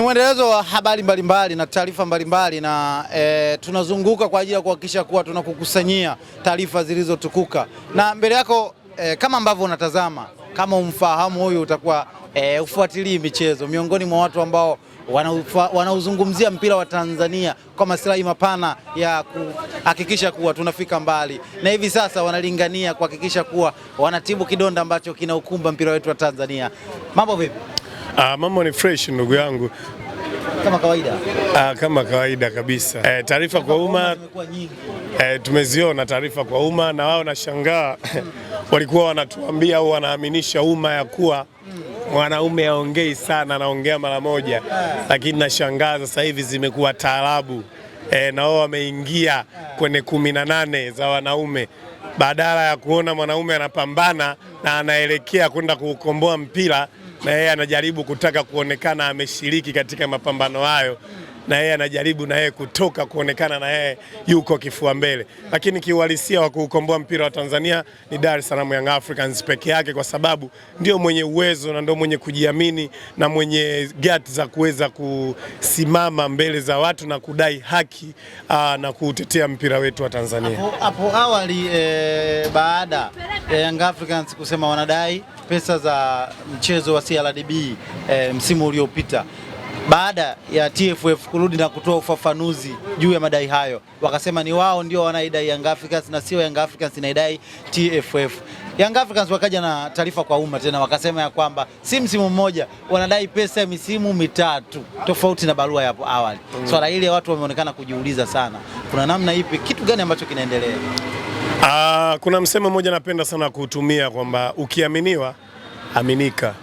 Ni mwendelezo wa habari mbalimbali na taarifa mbalimbali na e, tunazunguka kwa ajili ya kuhakikisha kuwa tunakukusanyia taarifa zilizotukuka na mbele yako e, kama ambavyo unatazama kama umfahamu huyu utakuwa e, eh, ufuatilii michezo miongoni mwa watu ambao wanauzungumzia mpira wa Tanzania kwa maslahi mapana ya kuhakikisha kuwa tunafika mbali, na hivi sasa wanalingania kuhakikisha kuwa wanatibu kidonda ambacho kinaukumba mpira wetu wa Tanzania. Mambo vipi? Ah, mambo ni fresh ndugu yangu kama kawaida. Ah, kama kawaida kabisa. Eh, taarifa kwa umma eh, tumeziona taarifa kwa umma na wao nashangaa mm. walikuwa wanatuambia au wanaaminisha umma ya kuwa mm. mwanaume aongei sana anaongea mara moja yeah. Lakini nashangaa sasa hivi zimekuwa taarabu eh, na wao wameingia kwenye kumi na nane za wanaume badala ya kuona mwanaume anapambana na anaelekea kwenda kuukomboa mpira na yeye anajaribu kutaka kuonekana ameshiriki katika mapambano hayo na yeye anajaribu na yeye kutoka kuonekana na yeye yuko kifua mbele, lakini kiuhalisia wa kuukomboa mpira wa Tanzania ni Dar es Salaam Young Africans peke yake, kwa sababu ndio mwenye uwezo na ndio mwenye kujiamini na mwenye gati za kuweza kusimama mbele za watu na kudai haki aa, na kuutetea mpira wetu wa Tanzania. Hapo awali e, baada ya Young Africans kusema wanadai pesa za mchezo wa CRDB e, msimu uliopita baada ya TFF kurudi na kutoa ufafanuzi juu ya madai hayo, wakasema ni wao ndio wanaidai Young Africans na sio Young Africans inaidai TFF. Young Africans wakaja na taarifa kwa umma tena wakasema ya kwamba si msimu mmoja wanadai pesa ya misimu mitatu tofauti na barua yapo awali. Mm. Swala hili watu wameonekana kujiuliza sana, kuna namna ipi, kitu gani ambacho kinaendelea? Aa, ah, kuna msemo mmoja napenda sana kuutumia kwamba ukiaminiwa aminika.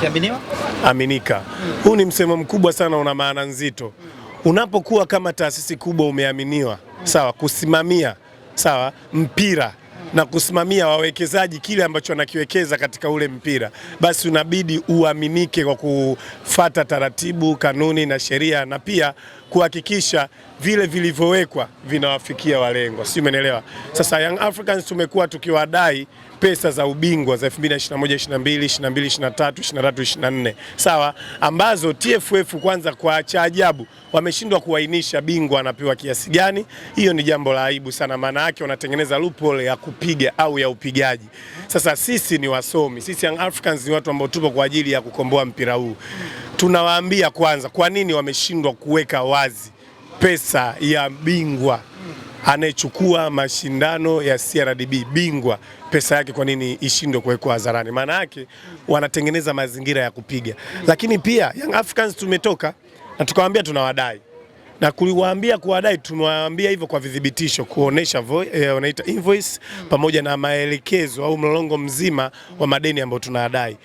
Kiaminiwa? Aminika. Hmm. Huu ni msemo mkubwa sana, una maana nzito. Hmm. Unapokuwa kama taasisi kubwa umeaminiwa, hmm. sawa, kusimamia sawa mpira na kusimamia wawekezaji kile ambacho wanakiwekeza katika ule mpira, basi unabidi uaminike kwa kufata taratibu, kanuni na sheria, na pia kuhakikisha vile vilivyowekwa vinawafikia walengwa, si umeelewa? Sasa Young Africans tumekuwa tukiwadai pesa za ubingwa za 2021, 22, 22, 23, 23, 24 sawa, ambazo TFF kwanza, kwa cha ajabu wameshindwa kuainisha bingwa anapewa kiasi gani. Hiyo ni jambo la aibu sana, maana yake wanatengeneza loophole ya kupiga au ya upigaji. Sasa sisi ni wasomi, sisi Young Africans ni watu ambao tupo kwa ajili ya kukomboa mpira huu. Tunawaambia kwanza, kwa nini wameshindwa kuweka wazi pesa ya bingwa anayechukua mashindano ya CRDB bingwa pesa yake kwa nini ishindwe kuwekwa hadharani? Maana yake wanatengeneza mazingira ya kupiga, lakini pia Young Africans tumetoka na tukawaambia tunawadai na kuliwaambia kuwadai, tumewaambia hivyo kwa vidhibitisho, kuonesha eh, invoice pamoja na maelekezo au mlolongo mzima wa madeni ambayo tunadai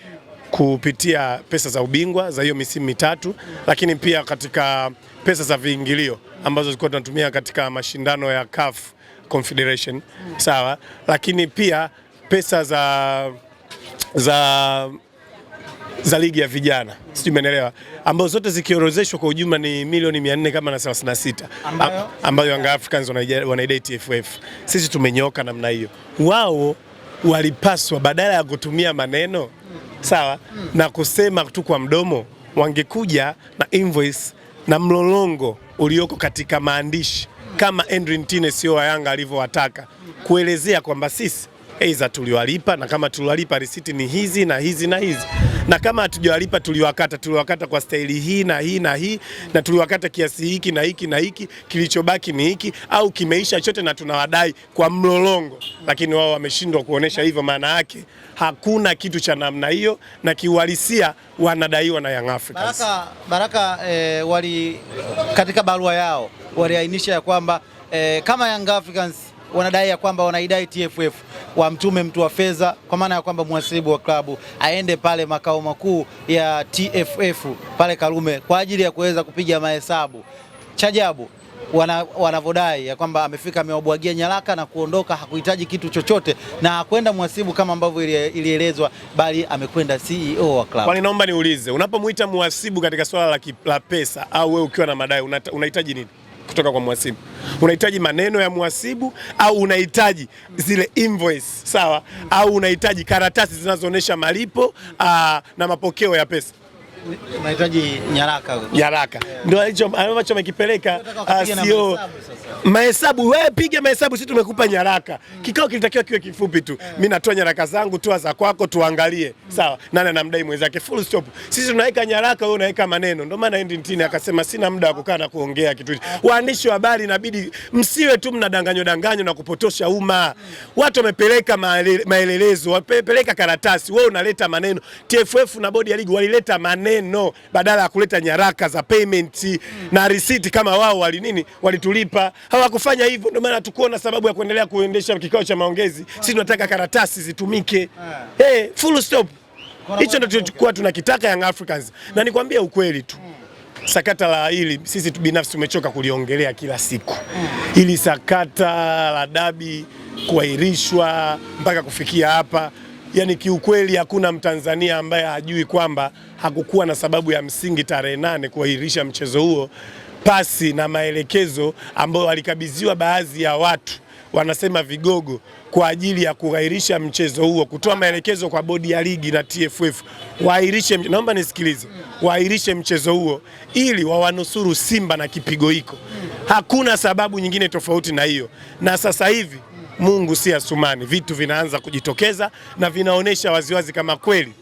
kupitia pesa za ubingwa za hiyo misimu mitatu, lakini pia katika pesa za viingilio ambazo zilikuwa tunatumia katika mashindano ya CAF Confederation sawa, lakini pia pesa za za za ligi ya vijana sijui umeelewa, ambazo zote zikiorozeshwa kwa ujumla ni milioni 400 kama na 36, ambayo, ambayo Yanga Africans wanaidai TFF. Sisi tumenyoka namna hiyo, wao walipaswa badala ya kutumia maneno sawa na kusema tu kwa mdomo, wangekuja na invoice na mlolongo ulioko katika maandishi kama Andrew Ntine sio wa Yanga alivyowataka kuelezea kwamba sisi aidha tuliwalipa na kama tuliwalipa risiti ni hizi na hizi na hizi, na kama hatujawalipa tuliwakata, tuliwakata kwa staili hii na hii na hii, na tuliwakata kiasi hiki na hiki na hiki, kilichobaki ni hiki au kimeisha chote, na tunawadai kwa mlolongo. Lakini wao wameshindwa kuonesha hivyo, maana yake hakuna kitu cha namna hiyo, na kiuhalisia wanadaiwa na Young Africans. Baraka, Baraka e, wali katika barua yao waliainisha ya kwamba eh, kama Young Africans wanadai ya kwamba wanaidai TFF wamtume mtu wa fedha, kwa maana ya kwamba mwasibu wa klabu aende pale makao makuu ya TFF pale Karume kwa ajili ya kuweza kupiga mahesabu. Cha ajabu wanavyodai ya kwamba amefika amewabwagia nyaraka na kuondoka, hakuhitaji kitu chochote na hakwenda mhasibu kama ambavyo ilielezwa, bali amekwenda CEO wa klabu. Kwani naomba niulize, unapomwita mwasibu katika swala la, la pesa au wewe ukiwa na madai unahitaji nini? kutoka kwa mhasibu. Unahitaji maneno ya mhasibu au unahitaji zile invoice sawa, au unahitaji karatasi zinazoonyesha malipo aa, na mapokeo ya pesa unahitaji nyaraka. Nyaraka ndio alicho ambacho amekipeleka ah, sio mahesabu. Wewe piga mahesabu, sisi tumekupa nyaraka. Kikao kilitakiwa kiwe kifupi tu, eh. mimi natoa nyaraka zangu, tu za kwako, tuangalie hmm. sawa, nani anamdai mwenzake, full stop. Sisi tunaweka nyaraka, wewe unaweka maneno. Ndio maana Ntini akasema sina muda wa kukaa na kuongea kitu hicho. Ah. Waandishi wa habari inabidi msiwe tu mnadanganywa danganyo na kupotosha umma. Hmm. Watu wamepeleka maelelezo, wamepeleka karatasi, wewe unaleta maneno. TFF na bodi ya ligi walileta maneno maneno badala ya kuleta nyaraka za payment mm. na receipt kama wao wali nini walitulipa. Hawakufanya hivyo, ndio maana tukuona sababu ya kuendelea kuendesha kikao cha maongezi wow. Sisi tunataka karatasi zitumike hey, eh. eh, full stop. Hicho ndio tulichokuwa tunakitaka Young Africans mm. na nikwambia ukweli tu mm. Sakata la hili sisi binafsi tumechoka kuliongelea kila siku hili sakata la dabi kuahirishwa mpaka kufikia hapa yani kiukweli hakuna Mtanzania ambaye hajui kwamba hakukuwa na sababu ya msingi tarehe nane kuahirisha mchezo huo pasi na maelekezo ambayo walikabidhiwa baadhi ya watu wanasema vigogo kwa ajili ya kuahirisha mchezo huo, kutoa maelekezo kwa bodi ya ligi na TFF waahirishe, naomba nisikilize, waahirishe mchezo huo ili wawanusuru Simba na kipigo hiko. Hakuna sababu nyingine tofauti na hiyo, na sasa hivi Mungu si Asumani, vitu vinaanza kujitokeza na vinaonyesha waziwazi kama kweli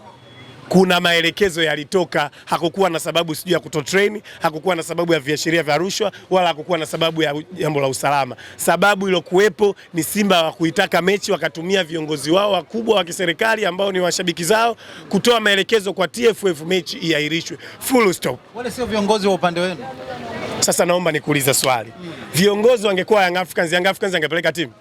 kuna maelekezo yalitoka. Hakukuwa na sababu sijui ya kuto hakukuwa na sababu ya viashiria vya rushwa, wala hakukuwa na sababu ya jambo la usalama. Sababu iliyokuwepo ni Simba wa kuitaka mechi, wakatumia viongozi wao wakubwa wa kiserikali ambao ni washabiki zao kutoa maelekezo kwa TFF mechi iahirishwe, full stop. Wale sio viongozi wa upande wenu. Sasa naomba nikuulize swali, viongozi wangekuwa Young Africans, Young Africans angepeleka timu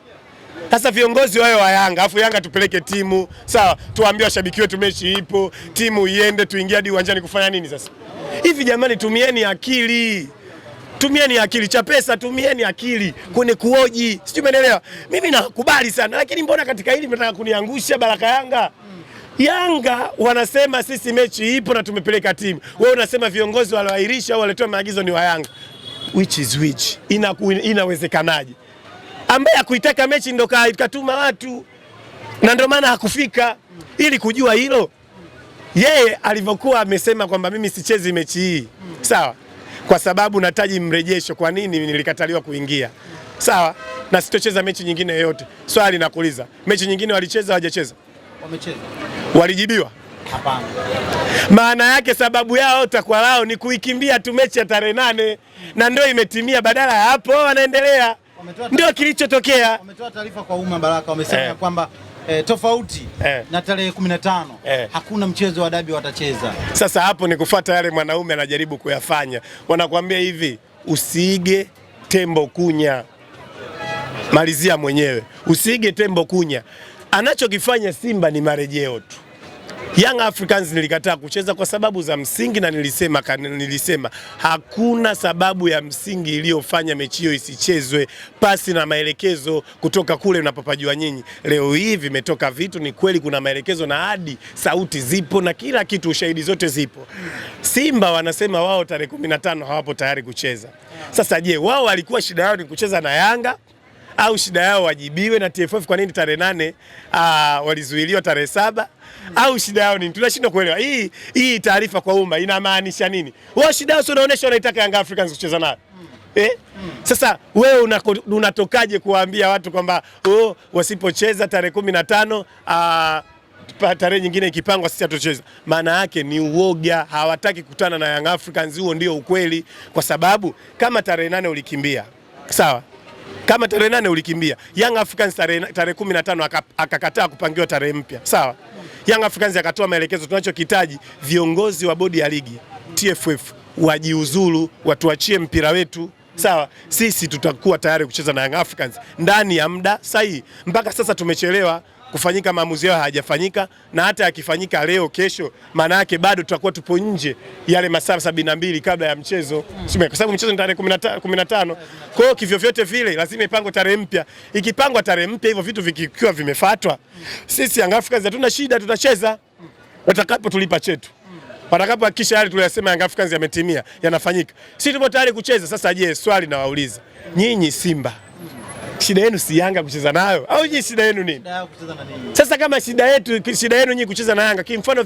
sasa viongozi wao wa Yanga, afu Yanga tupeleke timu sawa, tuambie washabiki wetu mechi ipo, timu iende, tuingie hadi uwanjani kufanya nini? Sasa hivi jamani, tumieni akili tumieni akili, cha pesa, tumieni akili kwenye kuoji, sijui umeelewa. Mimi nakubali sana, lakini mbona katika hili mnataka kuniangusha baraka Yanga? Yanga wanasema sisi mechi ipo na tumepeleka timu, wewe unasema viongozi walioahirisha au walitoa maagizo ni wa Yanga, which is which? inawezekanaje? ambaye akuitaka mechi ndo katuma watu na ndio maana hakufika. Ili kujua hilo, yeye alivyokuwa amesema kwamba mimi sichezi mechi hii, sawa, kwa sababu nataji mrejesho, kwa nini nilikataliwa kuingia, sawa, na sitocheza mechi nyingine yoyote. Swali nakuuliza, mechi nyingine walicheza, hawajacheza? Wamecheza, walijibiwa? Hapana. Maana yake sababu yao takwa lao ni kuikimbia tu mechi ya tarehe nane na ndio imetimia. Badala ya hapo wanaendelea ndio kilichotokea. Wametoa taarifa kwa umma Baraka, wamesema eh, kwamba eh, tofauti eh, na tarehe 15 eh, hakuna mchezo wa dabi watacheza. Sasa hapo ni kufuata yale mwanaume anajaribu kuyafanya, wanakuambia hivi, usiige tembo kunya, malizia mwenyewe, usiige tembo kunya. Anachokifanya Simba ni marejeo tu Young Africans nilikataa kucheza kwa sababu za msingi, na nilisema nilisema hakuna sababu ya msingi iliyofanya mechi hiyo isichezwe pasi na maelekezo kutoka kule unapopajua nyinyi. Leo hii vimetoka vitu, ni kweli kuna maelekezo na hadi sauti zipo na kila kitu, ushahidi zote zipo. Simba wanasema wao tarehe 15 hawapo tayari kucheza. Sasa je, wao walikuwa shida yao ni kucheza na Yanga au shida yao wajibiwe na TFF. Kwa nini tarehe nane ah, walizuiliwa tarehe saba? au shida yao nini? Tunashindwa kuelewa hii hii taarifa kwa umma inamaanisha nini? Wao shida yao unaonesha, wanaitaka Young Africans kucheza nayo eh? Hmm. Sasa wewe unatokaje kuwaambia watu kwamba oh, wasipocheza tarehe kumi na tano ah, tarehe nyingine ikipangwa sisi hatucheza. Maana yake ni uoga, hawataki kukutana na Young Africans. Huo ndio ukweli, kwa sababu kama tarehe nane ulikimbia sawa kama tarehe nane ulikimbia Young Africans tarehe kumi na tano akakataa kupangiwa tarehe mpya, sawa. Young Africans akatoa maelekezo, tunachokitaji viongozi wa bodi ya ligi TFF wajiuzulu, watuachie mpira wetu Sawa, sisi tutakuwa tayari kucheza na Young Africans ndani ya muda sahihi. Mpaka sasa tumechelewa kufanyika maamuzi yao hayajafanyika, na hata yakifanyika leo kesho, maana yake bado tutakuwa tupo nje yale masaa sabini na mbili kabla ya mchezo, kwa sababu mchezo ni tarehe 15. Kwa hiyo kivyo vyote vile lazima ipangwe tarehe mpya. Ikipangwa tarehe mpya, hivyo vitu vikiwa vimefuatwa, sisi Young Africans hatuna shida, tutacheza watakapo tulipa chetu watakapo watakapohakikisha yale tuliyosema Young Africans yametimia yanafanyika, sisi tupo tayari kucheza. Sasa je, swali nawauliza nyinyi Simba Shida yenu si Yanga kucheza nayo au nyinyi shida yenu nini? Sasa kama shida yetu shida yenu nyinyi kucheza na Yanga, kimfano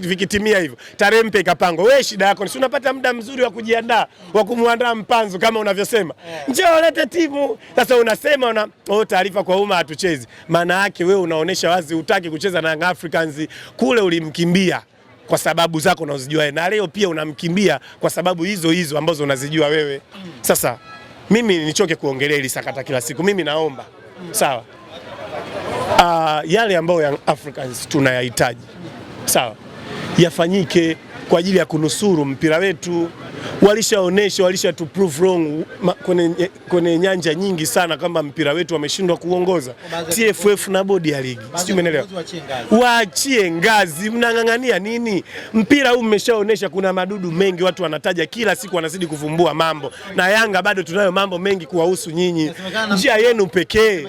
vikitimia hivyo tarehe mpe ikapangwa, wewe shida yako si unapata muda mzuri wa kujiandaa wa kumwandaa mpanzo kama unavyosema, eh. njoo lete timu. Sasa unasema una oh, taarifa kwa umma hatuchezi. Maana yake wewe unaonesha wazi utaki kucheza na Young Africans. Kule ulimkimbia kwa sababu zako unazijua, na leo pia unamkimbia kwa sababu hizo hizo ambazo unazijua wewe. Sasa mimi nichoke kuongelea ili sakata kila siku. Mimi naomba sawa, uh, yale ambayo Young Africans tunayahitaji sawa, yafanyike kwa ajili ya kunusuru mpira wetu. Walishaonesha, walishatu prove wrong kwenye, nyanja nyingi sana kwamba mpira wetu wameshindwa kuongoza TFF na bodi ya ligi, sijui umeelewa. Waachie ngazi, mnang'ang'ania nini? Mpira huu mmeshaonesha kuna madudu mengi, watu wanataja kila siku, wanazidi kuvumbua mambo, na Yanga bado tunayo mambo mengi kuwahusu nyinyi. Njia yenu pekee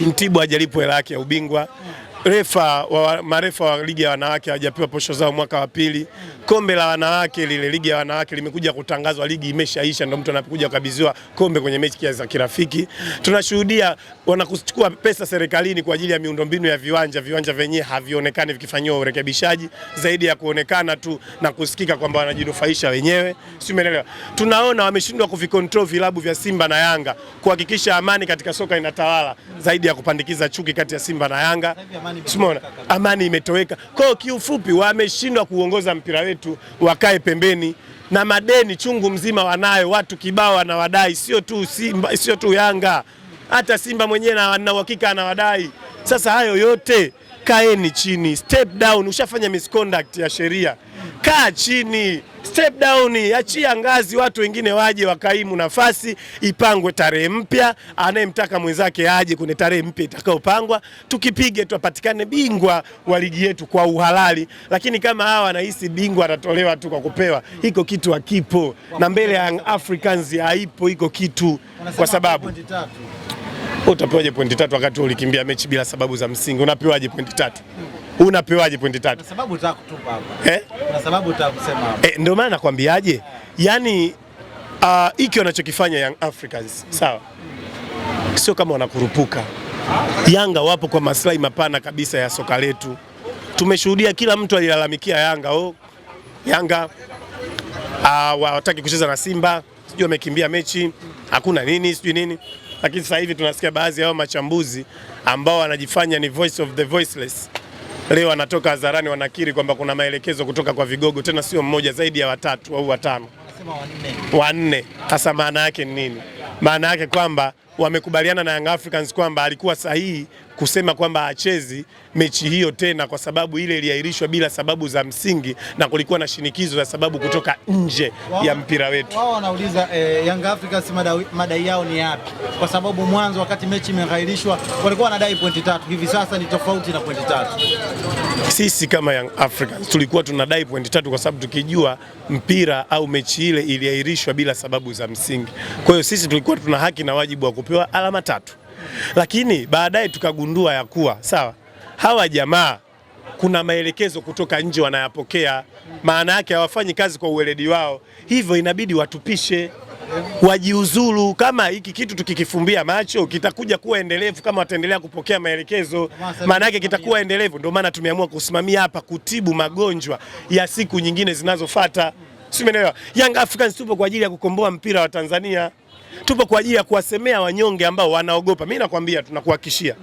Mtibwa hajalipwa hela yake ya ubingwa hmm refa wa, marefa wa ligi ya wanawake hawajapewa posho zao mwaka wa pili. Kombe la wanawake lile, ligi ya wanawake limekuja kutangazwa, ligi imeshaisha, ndio mtu anakuja kukabidhiwa kombe kwenye mechi za kirafiki. Tunashuhudia wanakuchukua pesa serikalini kwa ajili ya miundombinu ya viwanja, viwanja vyenyewe havionekani vikifanyiwa urekebishaji zaidi ya kuonekana tu na kusikika kwamba wanajinufaisha wenyewe, si umeelewa? Tunaona wameshindwa kuvikontrol vilabu vya Simba na Yanga kuhakikisha amani katika soka inatawala zaidi ya kupandikiza chuki kati ya Simba na Yanga. Simona, amani imetoweka. Kwa hiyo kiufupi, wameshindwa kuongoza mpira wetu, wakae pembeni na madeni chungu mzima wanayo, watu kibao wanawadai, sio tu Simba, sio tu Yanga, hata Simba mwenyewe na uhakika anawadai. Sasa hayo yote kaeni chini, step down. Ushafanya misconduct ya sheria, kaa chini, step down, achia ngazi, watu wengine waje wakaimu nafasi, ipangwe tarehe mpya, anayemtaka mwenzake aje kwenye tarehe mpya itakayopangwa, tukipige tupatikane bingwa wa ligi yetu kwa uhalali. Lakini kama hawa wanahisi bingwa atatolewa tu kwa kupewa, hiko kitu hakipo, na mbele ya Africans haipo hiko kitu, kwa sababu utapewaje pointi tatu wakati ulikimbia mechi bila sababu za msingi? Unapewaje pointi tatu? Unapewaje pointi tatu? Eh? Eh, ndio maana nakwambiaje, yaani ah, hiki uh, wanachokifanya Young Africans sawa, sio kama wanakurupuka. Yanga wapo kwa maslahi mapana kabisa ya soka letu. Tumeshuhudia kila mtu alilalamikia Yanga oh, Yanga ah, hawataki uh, kucheza na Simba, sijui wamekimbia mechi, hakuna nini, sijui nini lakini sasa hivi tunasikia baadhi ya hao machambuzi ambao wanajifanya ni voice of the voiceless leo wanatoka hadharani wanakiri kwamba kuna maelekezo kutoka kwa vigogo, tena sio mmoja, zaidi ya watatu au watano, wanne. Sasa maana yake ni nini? Maana yake kwamba wamekubaliana na Young Africans kwamba alikuwa sahihi kusema kwamba achezi mechi hiyo tena, kwa sababu ile iliahirishwa bila sababu za msingi na kulikuwa na shinikizo la sababu kutoka nje ya mpira wetu. Wao wanauliza eh, Young Africans madai, madai yao ni yapi? Kwa sababu mwanzo wakati mechi imeahirishwa walikuwa wanadai pointi tatu, hivi sasa ni tofauti na pointi tatu. Sisi kama Young Africans tulikuwa tunadai pointi tatu, kwa sababu tukijua mpira au mechi ile iliahirishwa bila sababu za msingi. Kwa hiyo sisi tulikuwa tuna haki na wajibu wa kupewa alama tatu, lakini baadaye tukagundua ya kuwa sawa, hawa jamaa kuna maelekezo kutoka nje wanayapokea, maana yake hawafanyi kazi kwa uweledi wao, hivyo inabidi watupishe wajiuzuru kama hiki kitu tukikifumbia macho kitakuja kuwa endelevu, kama wataendelea kupokea maelekezo, maana yake kitakuwa endelevu. Ndio maana tumeamua kusimamia hapa kutibu magonjwa ya siku nyingine zinazofuata, si umeelewa? Young Africans tupo kwa ajili ya kukomboa mpira wa Tanzania tupo kwa ajili ya kuwasemea wanyonge ambao wanaogopa. Mimi nakwambia, tunakuhakishia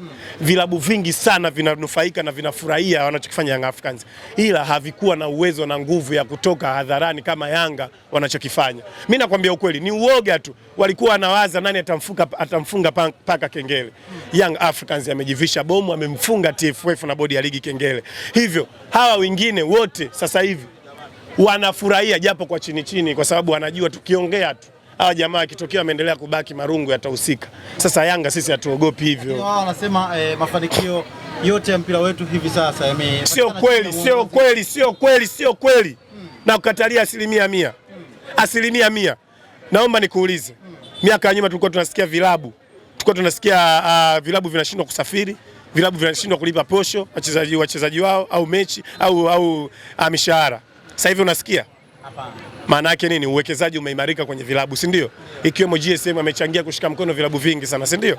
vilabu vingi sana vinanufaika na vinafurahia wanachokifanya Young Africans, ila havikuwa na uwezo na nguvu ya kutoka hadharani kama Yanga wanachokifanya. Mimi nakwambia ukweli, ni uoga tu, walikuwa wanawaza nani atamfunga, atamfunga paka kengele. Young Africans amejivisha bomu, amemfunga TFF na bodi ya ligi kengele, hivyo hawa wengine wote sasa hivi wanafurahia japo kwa chini chini, kwa sababu wanajua tukiongea tu hawa jamaa akitokea wameendelea kubaki marungu yatahusika. Sasa Yanga sisi hatuogopi hivyo. Wao wanasema eh, mafanikio yote ya mpira wetu hivi sasa sio kweli, sio kweli, sio kweli, sio kweli hmm. na kukatalia asilimia mia hmm. asilimia mia. Naomba nikuulize hmm. miaka ya nyuma tulikuwa tunasikia vilabu tulikuwa tunasikia uh, vilabu vinashindwa kusafiri vilabu vinashindwa kulipa posho wachezaji wachezaji wao au mechi au, au uh, mishahara. Sasa hivi unasikia maana yake nini? Uwekezaji umeimarika kwenye vilabu, si ndio? Ikiwemo GSM amechangia kushika mkono vilabu vingi sana, si ndio?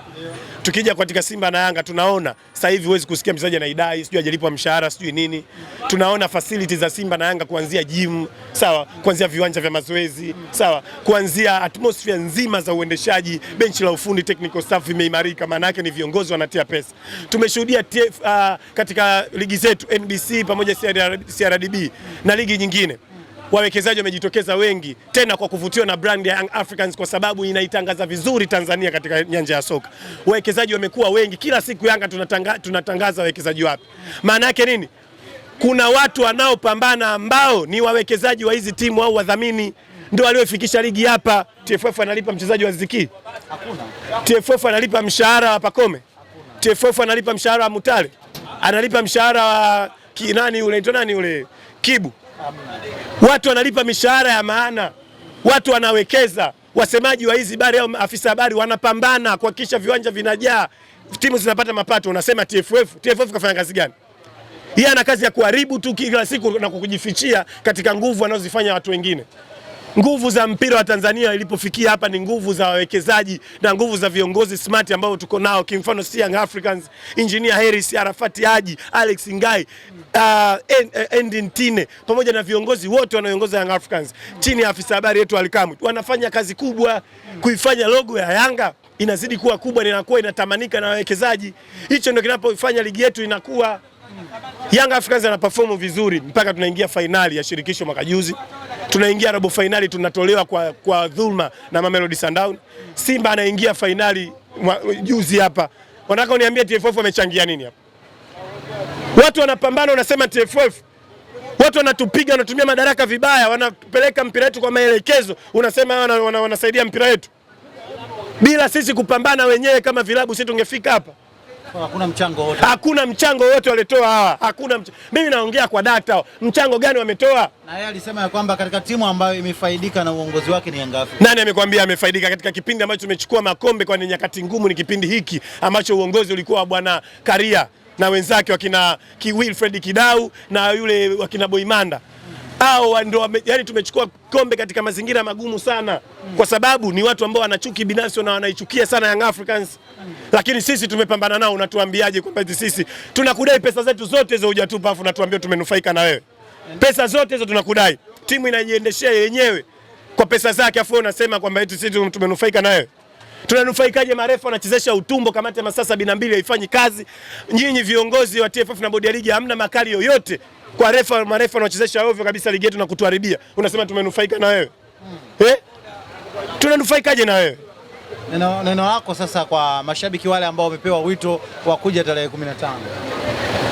Tukija katika Simba na Yanga tunaona sasa hivi huwezi kusikia mchezaji anaidai sijui hajalipwa mshahara sijui nini. Tunaona fasiliti za Simba na Yanga kuanzia gym, sawa, kuanzia viwanja vya mazoezi, sawa, kuanzia atmosphere nzima za uendeshaji, benchi la ufundi, technical staff vimeimarika, maana yake ni viongozi wanatia pesa. Tumeshuhudia TF, uh, katika ligi zetu NBC pamoja CRDB na ligi nyingine wawekezaji wamejitokeza wengi tena kwa kuvutiwa na brand ya Young Africans kwa sababu inaitangaza vizuri Tanzania katika nyanja ya soka. Wawekezaji wamekuwa wengi, kila siku Yanga tunatanga, tunatangaza wawekezaji wapi. Maana yake nini? Kuna watu wanaopambana ambao ni wawekezaji wa hizi timu au wadhamini ndio waliofikisha ligi hapa. TFF analipa mchezaji wa Ziki? Hakuna. TFF analipa mshahara wa Pakome? Hakuna. TFF analipa mshahara wa Mutale? Analipa mshahara wa nani, ule nani ule Kibu? watu wanalipa mishahara ya maana, watu wanawekeza, wasemaji wa hizi habari au afisa habari wanapambana kuhakikisha viwanja vinajaa, timu zinapata mapato. Unasema TFF, TFF kafanya kazi gani? Yeye ana kazi ya kuharibu tu kila siku na kukujifichia katika nguvu anazozifanya watu wengine. Nguvu za mpira wa Tanzania ilipofikia hapa ni nguvu za wawekezaji na nguvu za viongozi smart ambao tuko nao, kimfano si Young Africans, Engineer Harris, Arafati Haji, Alex Ngai, uh, eh, Tine, pamoja na viongozi wote wanaoongoza Young Africans chini ya afisa habari yetu Alikamwe, wanafanya kazi kubwa kuifanya logo ya Yanga inazidi kuwa kubwa, inakuwa inatamanika na wawekezaji. Hicho ndio kinapofanya ligi yetu inakuwa. Young Africans anaperform vizuri mpaka tunaingia fainali ya shirikisho mwaka juzi tunaingia robo fainali tunatolewa kwa, kwa dhulma na Mamelodi Sundowns. Simba anaingia fainali juzi hapa, wanataka uniambie TFF wamechangia nini hapa? Watu wanapambana, unasema TFF watu wanatupiga, wanatumia madaraka vibaya, wanapeleka mpira wetu kwa maelekezo, unasema wanasaidia wana, mpira wetu. Bila sisi kupambana wenyewe kama vilabu, sisi tungefika hapa. Hakuna mchango wote, hakuna mchango wote walitoa hawa, hakuna mchango. Mimi naongea kwa data, mchango gani wametoa? Na yeye alisema ya kwamba katika timu ambayo imefaidika na uongozi wake ni Yanga Afrika. Nani amekwambia amefaidika katika kipindi ambacho tumechukua makombe? kwa nyakati ngumu ni kipindi hiki ambacho uongozi ulikuwa bwana Karia na wenzake wakina Wilfred Kidau na yule wakina Boimanda au ndio yani, tumechukua kombe katika mazingira magumu sana, kwa sababu ni watu ambao wanachuki binafsi na wanaichukia sana Young Africans, lakini sisi tumepambana nao. Unatuambiaje kwamba sisi tunakudai pesa zetu zote hizo hujatupa, afu natuambia tumenufaika na wewe? Pesa zote hizo tunakudai, timu inajiendeshea yenyewe kwa pesa zake, afu unasema kwamba eti sisi tumenufaika na wewe? Tunanufaikaje? Marefu anachezesha utumbo, kamati ya masaa sabini na mbili haifanyi kazi. Nyinyi viongozi wa TFF na bodi ya ligi hamna makali yoyote kwa refa, marefa wanachezesha ovyo kabisa ligi yetu na kutuharibia. Unasema tumenufaika na wewe hmm. eh? tunanufaikaje na wewe? Neno, neno lako sasa kwa mashabiki wale ambao wamepewa wito wa kuja tarehe 15.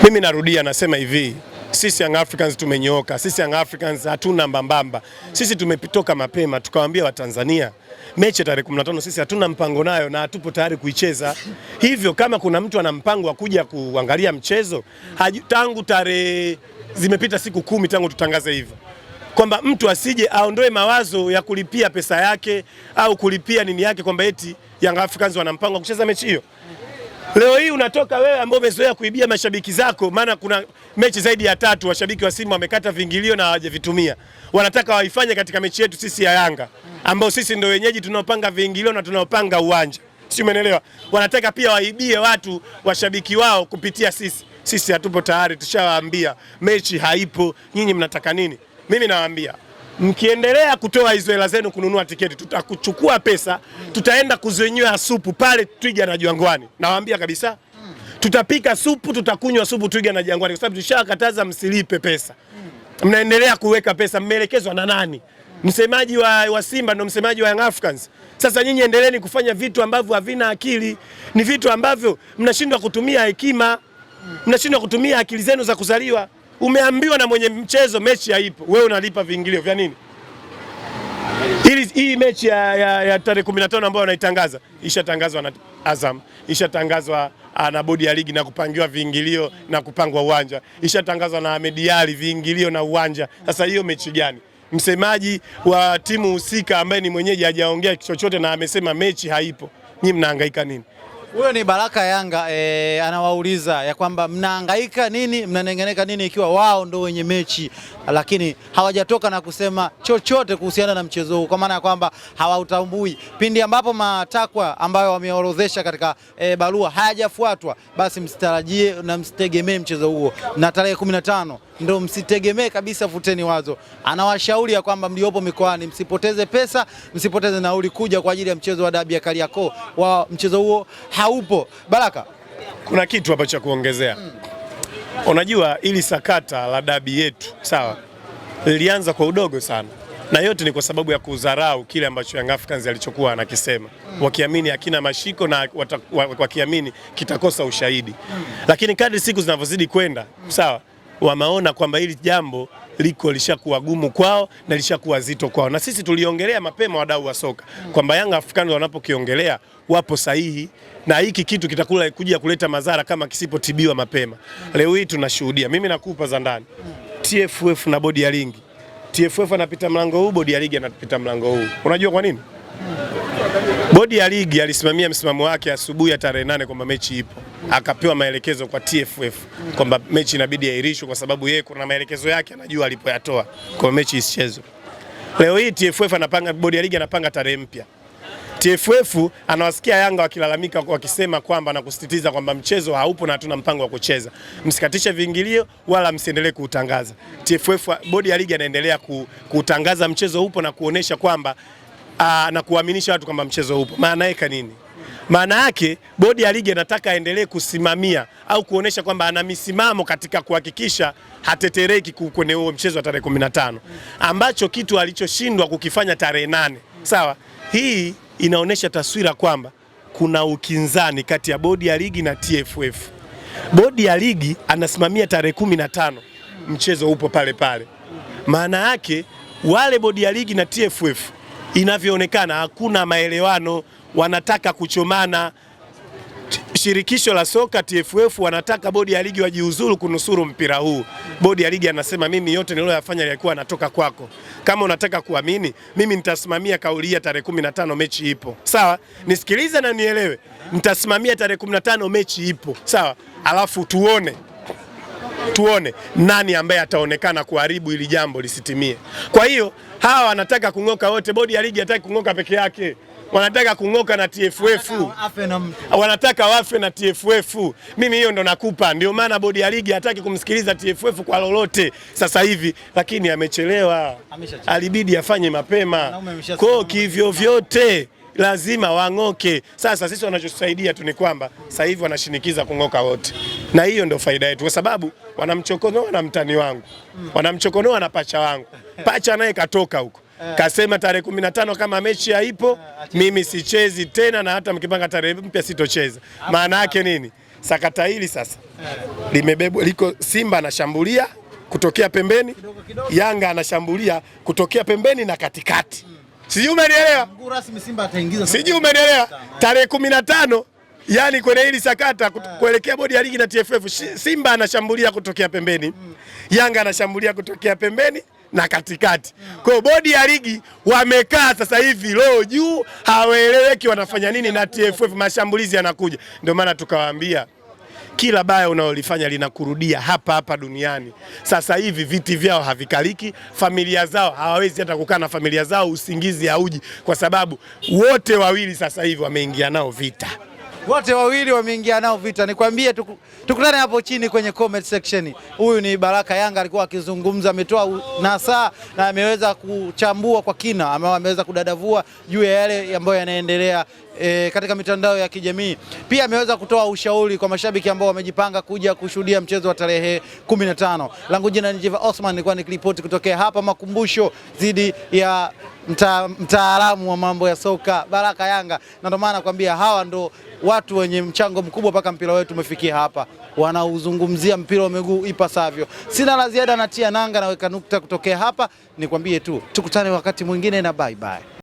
Mimi narudia nasema hivi, sisi Young Africans tumenyooka. Sisi Young Africans hatuna mbambamba. Sisi tumepitoka mapema tukawaambia Watanzania mechi tarehe 15 sisi hatuna mpango nayo na hatupo tayari kuicheza. Hivyo kama kuna mtu ana mpango wa kuja kuangalia mchezo tangu tarehe zimepita siku kumi tangu tutangaze hivyo, kwamba mtu asije aondoe mawazo ya kulipia pesa yake au kulipia nini yake, kwamba eti Young Africans wana mpango wa kucheza mechi hiyo. Leo hii unatoka wewe ambao umezoea kuibia mashabiki zako, maana kuna mechi zaidi ya tatu washabiki wa Simba wamekata vingilio na hawajavitumia, wanataka waifanye katika mechi yetu sisi ya Yanga, ambao sisi ndio wenyeji tunaopanga viingilio na tunaopanga uwanja, si umeelewa? Wanataka pia waibie watu washabiki wao kupitia sisi sisi hatupo tayari, tushawaambia mechi haipo, nyinyi mnataka nini? Mimi nawaambia mkiendelea kutoa hizo hela zenu kununua tiketi, tutakuchukua pesa, tutaenda kuzinywa supu pale Twiga na Jangwani. Nawaambia kabisa, tutapika supu, tutakunywa supu Twiga na Jangwani, kwa sababu tushawakataza msilipe pesa. Mnaendelea kuweka pesa, mmeelekezwa na nani? Msemaji wa, wa Simba ndo msemaji wa Young Africans. Sasa nyinyi endeleeni kufanya vitu ambavyo havina akili, ni vitu ambavyo mnashindwa kutumia hekima mnashindwa kutumia akili zenu za kuzaliwa. Umeambiwa na mwenye mchezo mechi haipo, wewe unalipa viingilio vya nini? Hili, hii mechi ya, ya, ya tarehe 15 ambayo wanaitangaza ishatangazwa na Azam, ishatangazwa ah, na bodi ya ligi na kupangiwa viingilio na kupangwa uwanja, ishatangazwa na Ahmed Ally viingilio na uwanja. Sasa hiyo mechi gani? Msemaji wa timu husika ambaye ni mwenyeji hajaongea chochote na amesema mechi haipo. nyi mnahangaika nini? Huyo ni Baraka Yanga e, anawauliza ya kwamba mnahangaika nini, mnanengeneka nini ikiwa wao ndio wenye mechi, lakini hawajatoka na kusema chochote kuhusiana na mchezo huu, kwa maana ya kwamba hawautambui. Pindi ambapo matakwa ambayo wameorodhesha katika e, barua hayajafuatwa, basi msitarajie na msitegemee mchezo huo, na tarehe 15 ndio msitegemee kabisa. Futeni wazo, anawashauri ya kwamba mliopo mikoani msipoteze pesa, msipoteze nauli kuja kwa ajili ya mchezo wa dabi ya Kariakoo wa mchezo huo ha upo Baraka, kuna kitu hapa cha kuongezea. Unajua ili sakata la dabi yetu sawa, lilianza kwa udogo sana, na yote ni kwa sababu ya kudharau kile ambacho Young Africans alichokuwa anakisema, wakiamini hakina mashiko na wakiamini kitakosa ushahidi, lakini kadri siku zinavyozidi kwenda sawa, wameona kwamba hili jambo liko lishakuwa gumu kwao na lishakuwa zito kwao, na sisi tuliongelea mapema wadau wa soka mm. kwamba Yanga Afrikani wanapokiongelea wapo sahihi, na hiki kitu kitakula kuja kuleta madhara kama kisipotibiwa mapema. Mm. Leo hii tunashuhudia, mimi nakupa za ndani, TFF na bodi ya ligi. TFF anapita mlango huu, bodi ya ligi anapita mlango huu. Unajua kwa nini? Mm. Bodi ya ligi alisimamia msimamo wake asubuhi ya tarehe nane kwamba mechi ipo akapewa maelekezo kwa TFF kwamba mechi inabidi airishwe kwa sababu yeye kuna maelekezo yake anajua alipoyatoa kwa mechi isichezwe. Leo hii TFF anapanga, bodi ya ligi anapanga tarehe mpya. TFF anawasikia Yanga wakilalamika wakisema kwamba na kusisitiza kwamba mchezo haupo na hatuna mpango wa kucheza, msikatishe viingilio wala msiendelee kuutangaza. TFF bodi ya ligi anaendelea kuutangaza mchezo upo na kuonesha kwamba ah, na kuaminisha watu kwamba mchezo upo. Maana yake nini? Maana yake bodi ya ligi anataka aendelee kusimamia au kuonesha kwamba ana misimamo katika kuhakikisha hatetereki kwenye huo mchezo wa tarehe 15 ambacho kitu alichoshindwa kukifanya tarehe nane. Sawa, hii inaonesha taswira kwamba kuna ukinzani kati ya bodi ya ligi na TFF. Bodi ya ligi anasimamia tarehe 15, mchezo upo pale pale. Maana yake wale bodi ya ligi na TFF inavyoonekana hakuna maelewano wanataka kuchomana. Shirikisho la soka TFF wanataka bodi ya ligi wajiuzuru kunusuru mpira huu. Bodi ya ligi anasema mimi yote niliyoyafanya yalikuwa natoka kwako. Kama unataka kuamini, mimi nitasimamia kauli ya tarehe 15 mechi ipo. Sawa? Nisikilize na nielewe. Nitasimamia tarehe 15 mechi ipo. Sawa? Alafu tuone. Tuone nani ambaye ataonekana kuharibu ili jambo lisitimie. Kwa hiyo hawa wanataka kung'oka wote, bodi ya ligi hataki kung'oka peke yake wanataka kung'oka na TFF, wanataka wafe na TFF. Mimi hiyo ndo nakupa. Ndio maana bodi ya ligi hataki kumsikiliza TFF kwa lolote sasa hivi, lakini amechelewa, alibidi afanye mapema ko kivyo vyote lazima wang'oke. Sasa sisi wanachosaidia tu ni kwamba sasa hivi wanashinikiza kung'oka wote, na hiyo ndo faida yetu, kwa sababu wanamchokonoa na mtani wangu, mm. wanamchokonoa na pacha wangu. Pacha naye katoka huko Eh. kasema tarehe kumi na tano kama mechi haipo eh, mimi sichezi tena, na hata mkipanga tarehe mpya sitocheza. Maana yake nini? Sakata hili sasa eh. limebebwa, liko Simba anashambulia kutokea pembeni Yanga anashambulia kutokea pembeni na katikati hmm. Sijui umenielewa, sijui umenielewa. Tarehe kumi na tano yani kwenye hili sakata kuelekea bodi ya ligi na TFF, Simba anashambulia kutokea pembeni mm. Yanga anashambulia kutokea pembeni na katikati. Kwa hiyo bodi ya ligi wamekaa sasa hivi leo juu, hawaeleweki wanafanya nini na TFF, mashambulizi yanakuja. Ndio maana tukawaambia kila baya unaolifanya linakurudia hapa hapa duniani. Sasa hivi viti vyao havikaliki, familia zao hawawezi hata kukaa na familia zao, usingizi hauji, kwa sababu wote wawili sasa hivi wameingia nao vita wote wawili wameingia nao vita. Nikwambie tukutane hapo chini kwenye comment section. Huyu ni Baraka Yanga alikuwa akizungumza, ametoa nasaa na ameweza kuchambua kwa kina, ama ameweza kudadavua juu ya yale ambayo yanaendelea E, katika mitandao ya kijamii pia ameweza kutoa ushauri kwa mashabiki ambao wamejipanga kuja kushuhudia mchezo wa tarehe 15. Langu jina ni Jeva Osman, nilikuwa nikiripoti kutokea hapa makumbusho dhidi ya mta, mtaalamu wa mambo ya soka Baraka Yanga, na ndio maana nakwambia hawa ndo watu wenye mchango mkubwa mpaka mpira wetu umefikia hapa, wanauzungumzia mpira wa miguu ipasavyo. Sina la ziada, natia nanga, naweka nukta kutokea hapa, nikwambie tu tukutane wakati mwingine na bye bye.